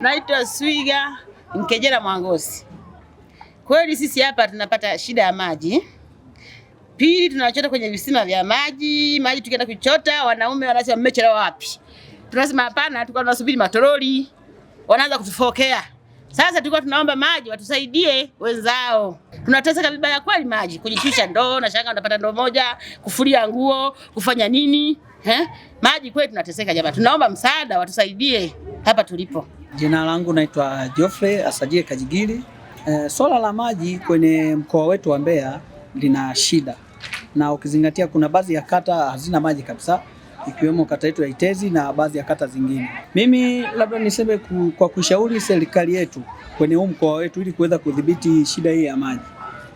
Naitwa Swiga Mkejera Mwangosi. Kweli sisi hapa tunapata shida ya maji. Pili, tunachota kwenye visima vya maji. Maji tukienda kuchota, wanaume wanasema mmechelewa wapi? Tunasema hapana, tulikuwa tunasubiri matoroli. Wanaanza kutufokea. Sasa tulikuwa tunaomba maji watusaidie wenzao. Tunateseka vibaya kweli maji, kujichusha ndoo na shanga unapata ndoo moja, kufulia nguo, kufanya nini? Eh? Maji kweli tunateseka jamaa. Tunaomba msaada watusaidie hapa tulipo. Jina langu naitwa Geoffrey Asajie Kajigili. E, eh, swala la maji kwenye mkoa wetu wa Mbeya lina shida, na ukizingatia kuna baadhi ya kata hazina maji kabisa ikiwemo kata yetu ya Itezi na baadhi ya kata zingine. Mimi labda niseme kwa kushauri serikali yetu kwenye huu mkoa wetu ili kuweza kudhibiti shida hii ya maji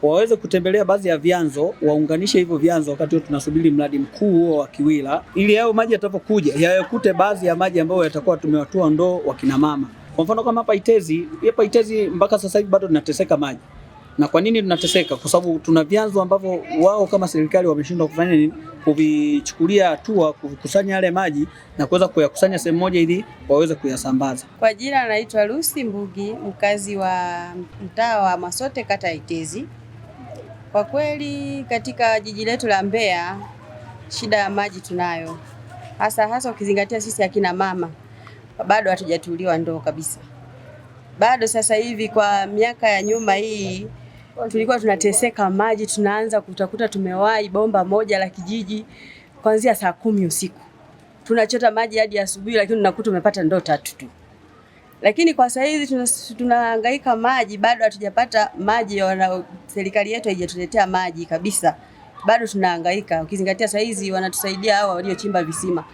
waweze kutembelea baadhi ya vyanzo, waunganishe hivyo vyanzo, wakati huo tunasubiri mradi mkuu huo wa Kiwila, ili hayo maji yatakapokuja yayakute baadhi ya maji ambayo yatakuwa tumewatua ndoo wakina mama. Kwa mfano kama hapa Itezi, hapa Itezi mpaka sasa hivi bado tunateseka maji. Na kwa nini tunateseka? Kwa sababu tuna vyanzo ambavyo wao kama serikali wameshindwa kufanya nini, kuvichukulia hatua, kukusanya yale maji na kuweza kuyakusanya sehemu moja ili waweze kuyasambaza. Kwa jina anaitwa Lucy Mbugi, mkazi wa mtaa wa Masote, kata Itezi. Kwa kweli katika jiji letu la Mbeya shida ya maji tunayo, hasa hasa ukizingatia sisi akina mama bado hatujatuliwa ndoo kabisa. Bado sasa hivi, kwa miaka ya nyuma hii tulikuwa tunateseka maji, tunaanza kutakuta tumewahi bomba moja la kijiji kuanzia saa kumi usiku tunachota maji hadi asubuhi, lakini tunakuta tumepata ndoo tatu tu lakini kwa sasa hivi tunahangaika maji, bado hatujapata maji, wana serikali yetu haijatuletea maji kabisa, bado tunahangaika, ukizingatia sasa hizi wanatusaidia hawa waliochimba visima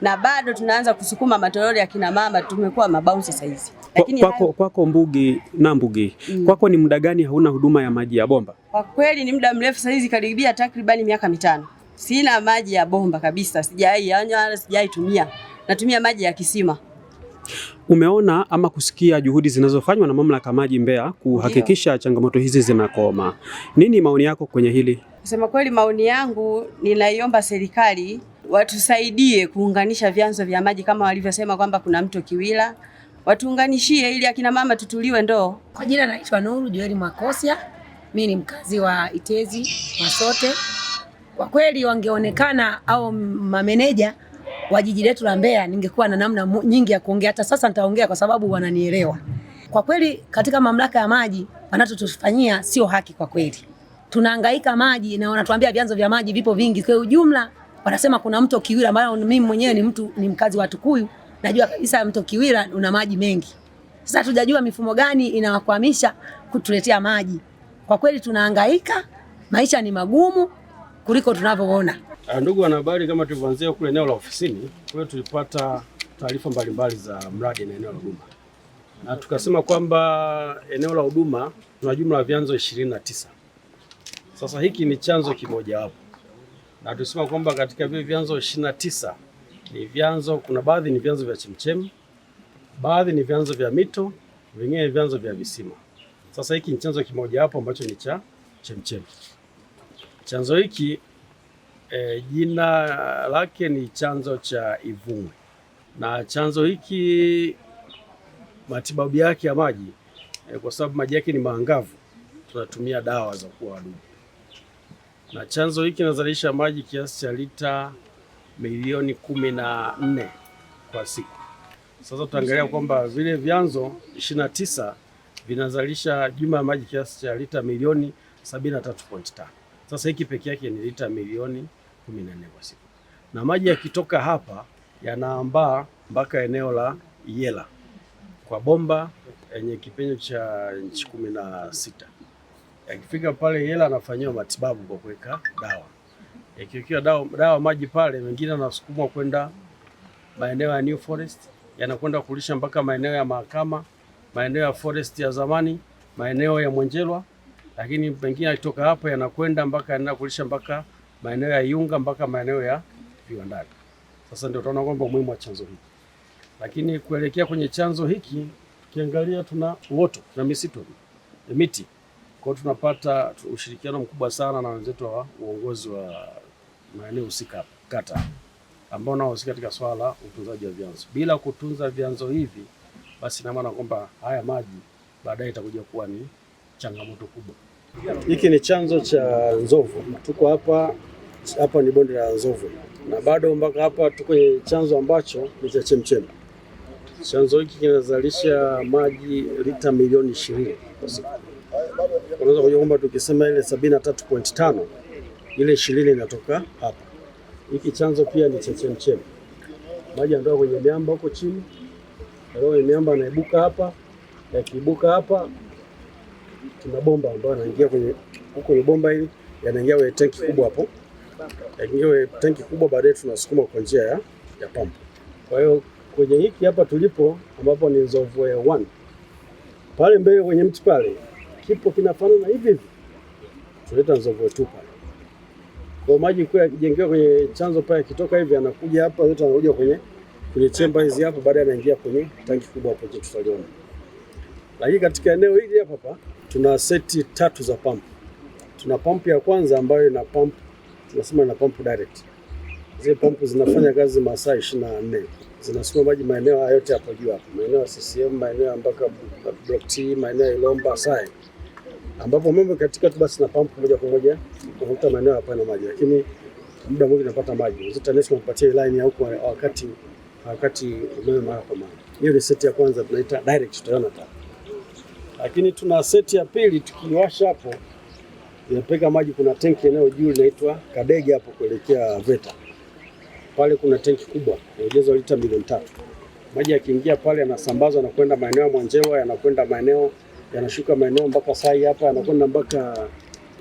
na bado tunaanza kusukuma matoroli ya kina mama, tumekuwa mabau sasa hizi. Lakini kwako kwa, kwa Mbugi na Mbugi mm. kwako ni muda gani hauna huduma ya maji ya bomba? Kwa kweli ni muda mrefu sasa hizi, karibia takribani miaka mitano sina maji ya bomba kabisa, sijai anywa, sijai tumia, natumia maji ya kisima umeona ama kusikia juhudi zinazofanywa na mamlaka maji Mbeya kuhakikisha Ndiyo. changamoto hizi zinakoma. Nini maoni yako kwenye hili? Kusema kweli, maoni yangu ninaiomba serikali watusaidie kuunganisha vyanzo vya maji kama walivyosema kwamba kuna mto Kiwila, watuunganishie ili akina mama tutuliwe ndoo. Kwa jina naitwa Nuru Joeli Mwakosia, mimi ni mkazi wa Itezi Masote. Kwa kweli wangeonekana au mameneja wa jiji letu la Mbeya, ningekuwa na namna nyingi ya kuongea. Hata sasa nitaongea kwa sababu wananielewa. Kwa kweli katika mamlaka ya maji wanachotufanyia sio haki kwa kweli. Tunahangaika maji na wanatuambia vyanzo vya maji vipo vingi. Kwa ujumla wanasema kuna mto Kiwira ambao mimi mwenyewe ni mtu ni mkazi wa Tukuyu, najua kabisa mto Kiwira una maji mengi. Sasa tujajua mifumo gani inawakwamisha kutuletea maji. Kwa kweli tunahangaika, maisha ni magumu kuliko tunavyoona. Ah, ndugu wanahabari, kama tulivyoanzia kule eneo la ofisini kule, tulipata taarifa mbalimbali za mradi na eneo la huduma, na tukasema kwamba eneo la huduma tuna jumla ya vyanzo ishirini na tisa. Sasa hiki ni chanzo hapo, na tulisema kwamba katika vile vyanzo ishirini na tisa ni vyanzo, kuna baadhi ni vyanzo vya chemchem baadhi ni vyanzo vya mito, vingine ni vyanzo vya visima. Sasa hiki ni chanzo hapo ambacho ni cha chemchemi. Chanzo hiki E, jina lake ni chanzo cha Ivumwe na chanzo hiki matibabu yake ya maji e, kwa sababu maji yake ni maangavu tunatumia dawa za kuua wadudu, na chanzo hiki kinazalisha maji kiasi cha lita milioni kumi na nne kwa siku. Sasa tutaangalia kwamba vile vyanzo ishirini na tisa vinazalisha jumla ya maji kiasi cha lita milioni 73.5. Sasa hiki peke yake ni lita milioni kumi na nne kwa siku, na maji yakitoka hapa yanaambaa mpaka eneo la Iyela kwa bomba yenye kipenyo cha inchi kumi na sita. Yakifika pale Iyela anafanyiwa matibabu kwa kuweka dawa. Yakiwekewa dawa, dawa maji pale mengine anasukumwa kwenda maeneo ya New Forest, yanakwenda kulisha mpaka maeneo ya Mahakama, maeneo ya Forest ya zamani, maeneo ya Mwenjelwa, lakini mengine yakitoka hapa yanakwenda mpaka yanaenda kulisha mpaka maeneo ya Iunga mpaka maeneo ya viwandani. Sasa ndio tunaona kwamba umuhimu wa chanzo hiki, lakini kuelekea kwenye chanzo hiki tukiangalia, tuna uoto na misitu miti, kwa tunapata ushirikiano mkubwa sana na wenzetu wa uongozi wa maeneo husika kata, ambao wanahusika katika swala la utunzaji wa vyanzo. Bila kutunza vyanzo hivi, basi na maana kwamba haya maji baadaye itakuja kuwa ni changamoto kubwa. Hiki ni chanzo cha Nzovu. Tuko hapa hapa, ni bonde la Nzovu na bado mpaka hapa tuko kwenye chanzo ambacho ni cha chemchem Chanzo hiki kinazalisha maji lita milioni ishirini kwa siku. Unaweza kujua kwamba tukisema ile 73.5 ile ishirini inatoka hapa. Hiki chanzo pia ni cha chemchem. maji yanatoka kwenye miamba huko chini, kwenye miamba anaibuka hapa, yakiibuka hapa kuna bomba ambayo yanaingia kwenye huko, ni bomba hili yanaingia kwenye tanki kubwa hapo, yanaingia kwenye tanki kubwa, baadaye tunasukuma kwa njia ya, ya pump. Kwa hiyo kwenye hiki hapa tulipo, ambapo ni Nzovwe 1 pale mbele kwenye mti pale, kipo kinafanana hivi hivi, tuleta Nzovwe 2 pale kwa maji kwa yakijengewa kwenye chanzo pale, kitoka hivi anakuja hapa, yote anakuja kwenye kwenye chemba hizi hapo, baadaye anaingia kwenye tanki kubwa hapo, tutaliona. Lakini katika eneo hili hapa hapa tuna seti tatu za pump. Tuna pump ya kwanza ambayo ina pump tunasema ina pump direct. Zile pump zinafanya kazi masaa 24. Zinasukuma maji maeneo hayo yote hapo juu hapo. Maeneo ya CCM, maeneo ambako block T, maeneo ya Ilomba Sai. Ambapo mambo katika tu basi na pump moja kwa moja kuvuta maeneo hapa na maji lakini muda mwingi napata maji. ZTANESCO napatia line huko wakati wakati umeme mara kwa mara. Hiyo ni seti ya kwanza tunaita direct tutaona tatu. Lakini tuna seti ya pili, tukiwasha hapo inapeka maji. Kuna tenki eneo juu linaitwa Kadege hapo kuelekea VETA pale, kuna tenki kubwa na ujazo lita milioni tatu. Maji yakiingia pale yanasambazwa na kwenda maeneo ya Mwanjewa, yanakwenda maeneo yanashuka maeneo mpaka sai hapa, yanakwenda mpaka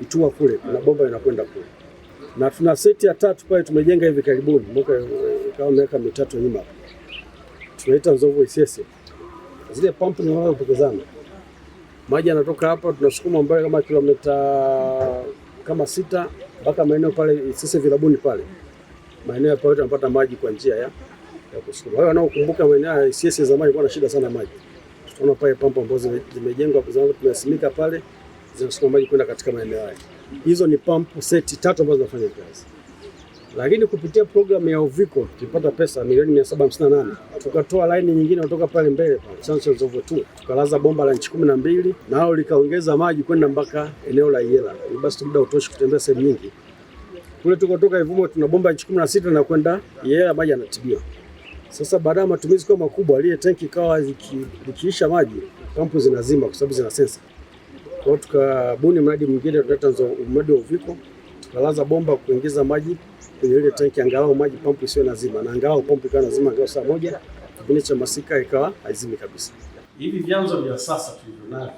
Itua kule, kuna bomba inakwenda kule. Na tuna seti ya tatu pale tumejenga hivi karibuni mwaka kama miaka mitatu nyuma, tunaita Nzovu Isese, zile pampu pekezana maji yanatoka hapa, tunasukuma mbali kama kilomita kama sita mpaka maeneo pale sisi vilabuni pale maeneo pale tunapata maji kwa njia ya ya kusukuma. Wao wanaokumbuka maeneo ya CS zamani kwa na shida sana maji, tunaona pale pampu ambazo zimejengwa tumesimika pale zinasukuma maji kwenda katika maeneo haya. Hizo ni pampu seti tatu ambazo zinafanya kazi lakini kupitia programu ya Uviko tulipata pesa milioni 758 tukatoa laini nyingine kutoka pale mbele pale Chancellors of Two tukalaza bomba la inchi 12 nao likaongeza maji kwenda mpaka eneo la Iyela. Basi muda utoshi kutembea sehemu nyingi kule tukotoka Ivumo tuna bomba inchi 16 na kwenda Iyela maji yanatibia. Sasa baada ya matumizi kwa makubwa, ile tanki ikawa likiisha maji, pampu zinazima kwa sababu zina sensa. Kwa tukabuni mradi mwingine, tunaleta mradi wa Uviko tukalaza bomba kuingiza maji kwenye ile tanki angalau maji pump isiyo lazima na angalau pump ikawa lazima angalau saa moja kipindi cha masika ikawa haizimi kabisa. Hivi vyanzo vya sasa tulivyonavyo,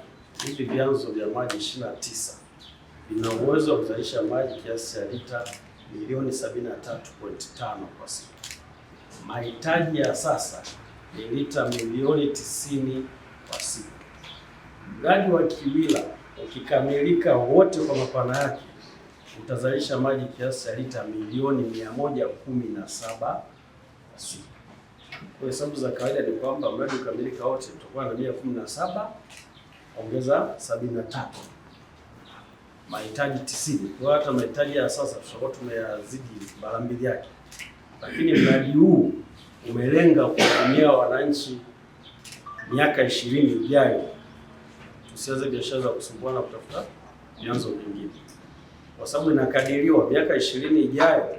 hivi vyanzo vya maji 29 vina uwezo wa kuzalisha maji kiasi cha lita milioni 73.5 kwa siku. Mahitaji ya sasa ni lita milioni 90 kwa siku. Mradi wa Kiwila ukikamilika wote kwa mapana yake utazalisha maji kiasi cha lita milioni 117 kwa siku. Kwa hesabu za kawaida ni kwamba mradi ukamilika wote utakuwa na mia kumi na saba ongeza sabini na tatu mahitaji tisini. Kwa hata mahitaji ya sasa tutakuwa tumeyazidi mara mbili yake, lakini mradi huu umelenga kuhudumia wananchi miaka ishirini ijayo. Tusianze biashara za kusumbuana kutafuta vyanzo vingine kwa sababu inakadiriwa miaka ishirini ijayo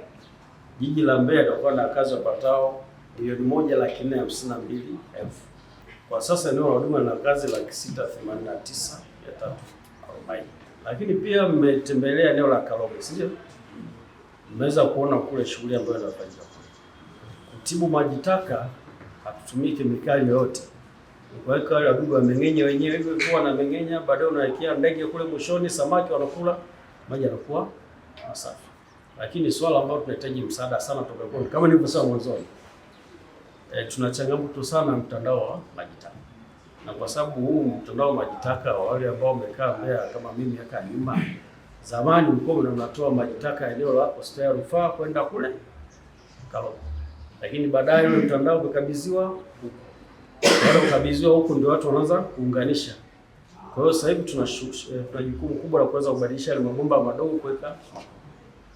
jiji la Mbeya litakuwa na wakazi wapatao milioni moja laki nne hamsini na mbili elfu. Kwa sasa eneo la huduma na wakazi laki sita themanini na tisa mia tatu arobaini. Lakini pia mmetembelea eneo la Karoge, si ndio? Mmeweza kuona kule shughuli ambayo inafanyika kule kutibu maji taka, hatutumii kemikali yoyote kuweka wale wadudu wameng'enya wenyewe hivyo, kuwa na meng'enya, baadaye unawekea ndege kule mwishoni, samaki wanakula maji yanakuwa masafi. Ah, lakini swala ambalo tunahitaji msaada sana toka kwa kama nilivyosema mwanzoni, e, tuna changamoto sana mtandao wa maji taka, na kwa sababu huu mtandao wa maji taka, wale ambao wamekaa Mbeya kama mimi miaka ya nyuma, zamani mlikuwa mnatoa maji taka eneo la hospitali ya rufaa kwenda kule Karongo, lakini baadaye ule mtandao umekabidhiwa huko, huko ndio watu wanaanza kuunganisha kwa hiyo sasa hivi eh, tuna jukumu kubwa la kuweza kubadilisha yale mabomba madogo kuweka